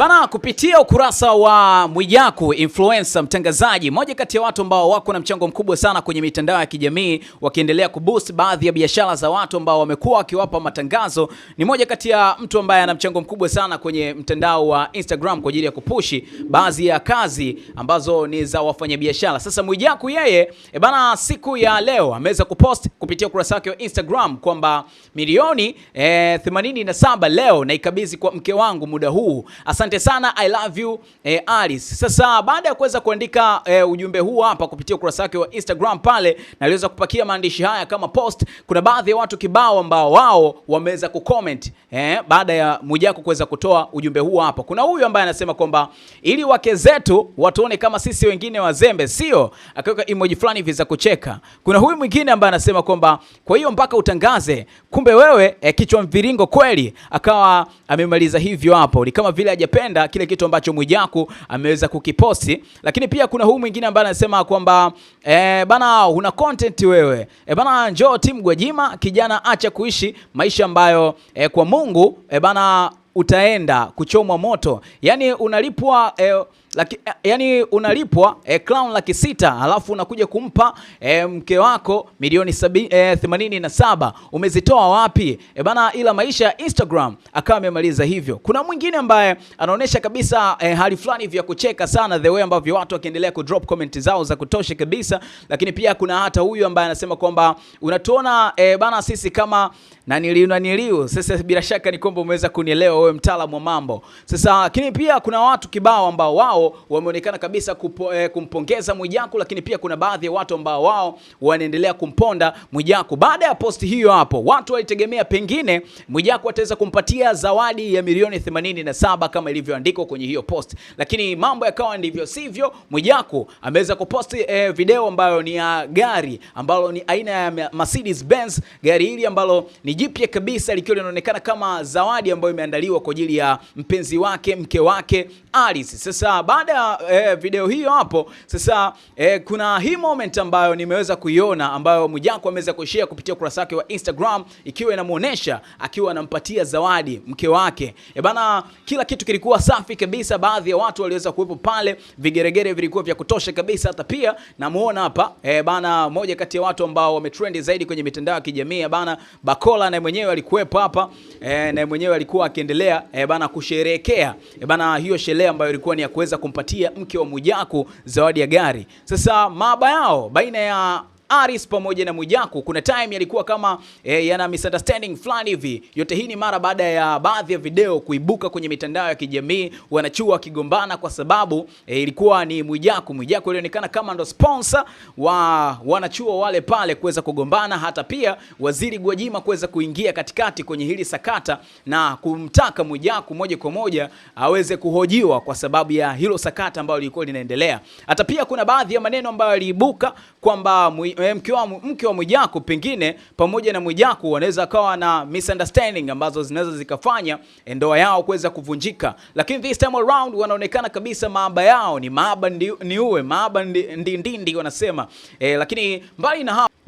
Bana, kupitia ukurasa wa Mwijaku influencer, mtangazaji, moja kati ya watu ambao wako na mchango mkubwa sana kwenye mitandao ya kijamii, wakiendelea kuboost baadhi ya biashara za watu ambao wamekuwa wakiwapa matangazo. Ni moja kati ya mtu ambaye ana mchango mkubwa sana kwenye mtandao wa Instagram kwa ajili ya kupushi baadhi ya kazi ambazo ni za wafanyabiashara. Sasa Mwijaku yeye, e bana, siku ya leo ameweza kupost kupitia ukurasa wake wa Instagram kwamba milioni e, eh, 87 leo naikabidhi kwa mke wangu muda huu. Asante Asante sana, I love you eh, Alice. Sasa baada ya kuweza kuandika eh, ujumbe huu hapa kupitia ukurasa wake wa Instagram pale, na aliweza kupakia maandishi haya kama post. Kuna baadhi ya watu kibao ambao wao wameweza kucomment eh, baada ya Mwijaku kuweza kutoa ujumbe huu hapa. Kuna huyu ambaye anasema kwamba ili wake zetu watuone kama sisi wengine wazembe, sio? Akaweka emoji fulani hivi za kucheka. Kuna huyu mwingine ambaye anasema kwamba kwa hiyo mpaka utangaze, kumbe wewe eh, kichwa mviringo kweli. Akawa amemaliza hivyo hapo, ni kama vile hajapewa kupenda kile kitu ambacho Mwijaku ameweza kukiposti, lakini pia kuna huyu mwingine ambaye anasema kwamba e, bana una content wewe e, bana njoo tim Gwajima, kijana acha kuishi maisha ambayo e, kwa Mungu e, bana utaenda kuchomwa moto, yani unalipwa e, laki, eh, yani unalipwa e, crown laki sita halafu unakuja kumpa e, mke wako milioni themanini na saba umezitoa wapi? E, bana, ila maisha ya Instagram akawa amemaliza hivyo. Kuna mwingine ambaye anaonyesha kabisa e, hali fulani vya kucheka sana, the way ambavyo watu wakiendelea ku drop comment zao za kutosha kabisa, lakini pia kuna hata huyu ambaye anasema kwamba unatuona e, bana sisi kama na niliu. Sasa bila shaka ni kwamba umeweza kunielewa wewe mtaalamu wa mambo. Sasa lakini pia kuna watu kibao ambao wao wameonekana kabisa kupo, eh, kumpongeza Mwijaku, lakini pia kuna baadhi ya watu ambao wao wanaendelea kumponda Mwijaku. Baada ya posti hiyo hapo, watu walitegemea pengine Mwijaku ataweza kumpatia zawadi ya milioni 87 kama ilivyoandikwa kwenye hiyo post, lakini mambo yakawa ndivyo sivyo. Mwijaku ameweza kuposti eh, video ambayo ni ya gari ambalo ni aina ya Mercedes Benz, gari hili ambalo ni jipya kabisa likiwa linaonekana kama zawadi ambayo imeandaliwa kwa ajili ya mpenzi wake, mke wake Alice. Sasa baada ya eh, video hiyo hapo sasa eh, kuna hii moment ambayo nimeweza kuiona ambayo Mwijaku ameweza kushare kupitia ukurasa wake wa Instagram ikiwa inamuonesha akiwa anampatia zawadi mke wake. E bana, kila kitu kilikuwa safi kabisa, baadhi ya watu waliweza kuwepo pale, vigeregere vilikuwa vya kutosha kabisa. Hata pia namuona hapa e bana, moja kati ya watu ambao wametrend zaidi kwenye mitandao ya kijamii bana Bakola Bwana mwenyewe alikuwepo hapa e, eh, na mwenyewe alikuwa akiendelea e, bana kusherehekea e, bana hiyo sherehe ambayo ilikuwa ni ya kuweza kumpatia mke wa Mwijaku zawadi ya gari. Sasa maba yao baina ya Aris pamoja na Mwijaku, kuna time yalikuwa kama e, yana misunderstanding fulani hivi. Yote hii ni mara baada ya baadhi ya video kuibuka kwenye mitandao ya kijamii, wanachua wakigombana kwa sababu e, ilikuwa ni Mwijaku. Mwijaku alionekana kama ndo sponsor wa wanachuo wale pale kuweza kugombana, hata pia Waziri Gwajima kuweza kuingia katikati kwenye hili sakata na kumtaka Mwijaku moja kwa moja aweze kuhojiwa kwa sababu ya hilo sakata ambalo lilikuwa linaendelea. Hata pia kuna baadhi ya maneno ambayo yaliibuka kwamba Eh, mke wa Mwijaku pengine pamoja na Mwijaku wanaweza kawa na misunderstanding ambazo zinaweza zikafanya eh, ndoa yao kuweza kuvunjika, lakini this time around wanaonekana kabisa maaba yao ni maaba ni uwe maaba ndindindi ndi, ndi, wanasema e, lakini mbali na hapo